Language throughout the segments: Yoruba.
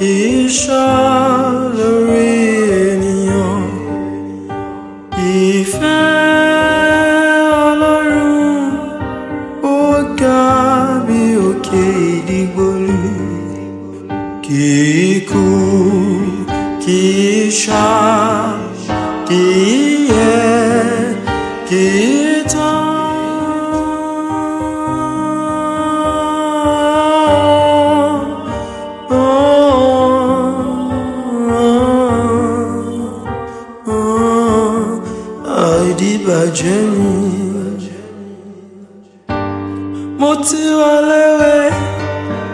Kisha Lorignon Ìfẹ́ Ọlọ́run ó ga bí òkè ìdígbòlù Kíkú Kisha bàjẹ́ mi mo ti wà lẹ́wẹ̀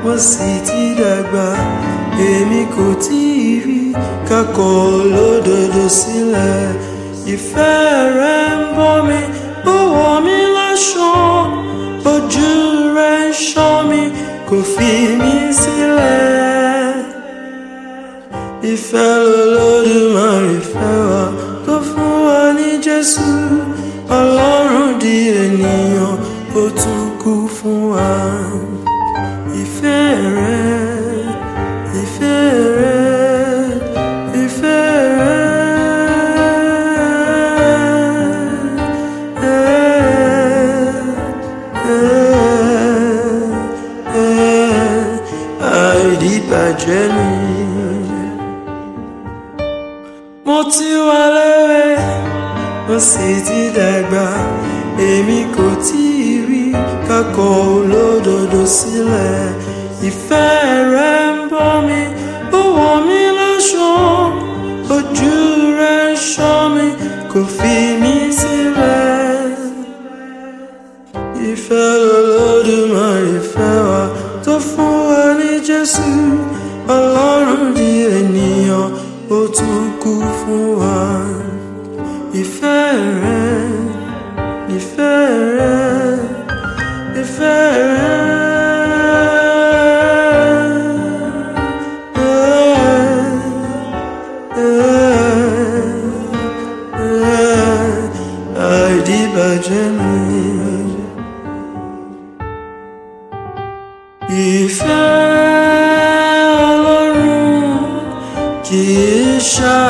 mo sì ti dàgbà èmi kò tí ì rí kakọ olódodo sílẹ̀ ìfẹ́ rẹ ń bọ́ mi ó wọ̀ mí láṣọ ojú rẹ ń ṣọ́ mi kò fi mí sílẹ̀ ìfẹ́ lọ́lọ́dún máa rí fẹ́ wa tó fún wa ní Jésù. ó tún kú fún wa ìfẹ́ rẹ ìfẹ́ rẹ ìfẹ́ rẹ. àìdíbàjẹ́ mi. mo ti wà lẹ́wẹ̀ẹ́ mo sì ti dàgbà èmi kò tí akẹ́kọ̀ọ́ olódodo sílẹ̀ ìfẹ́ rẹ̀ ń bọ́ mi ó wọ̀ mí láṣọ ojú rẹ̀ ń ṣọ́ mi kò fi mí sílẹ̀ ìfẹ́ lolódùmarè fẹ́ wa tó fún wa ní Jésù Ọlọ́run di ènìyàn ó tún kú fún wa. kì í ṣáà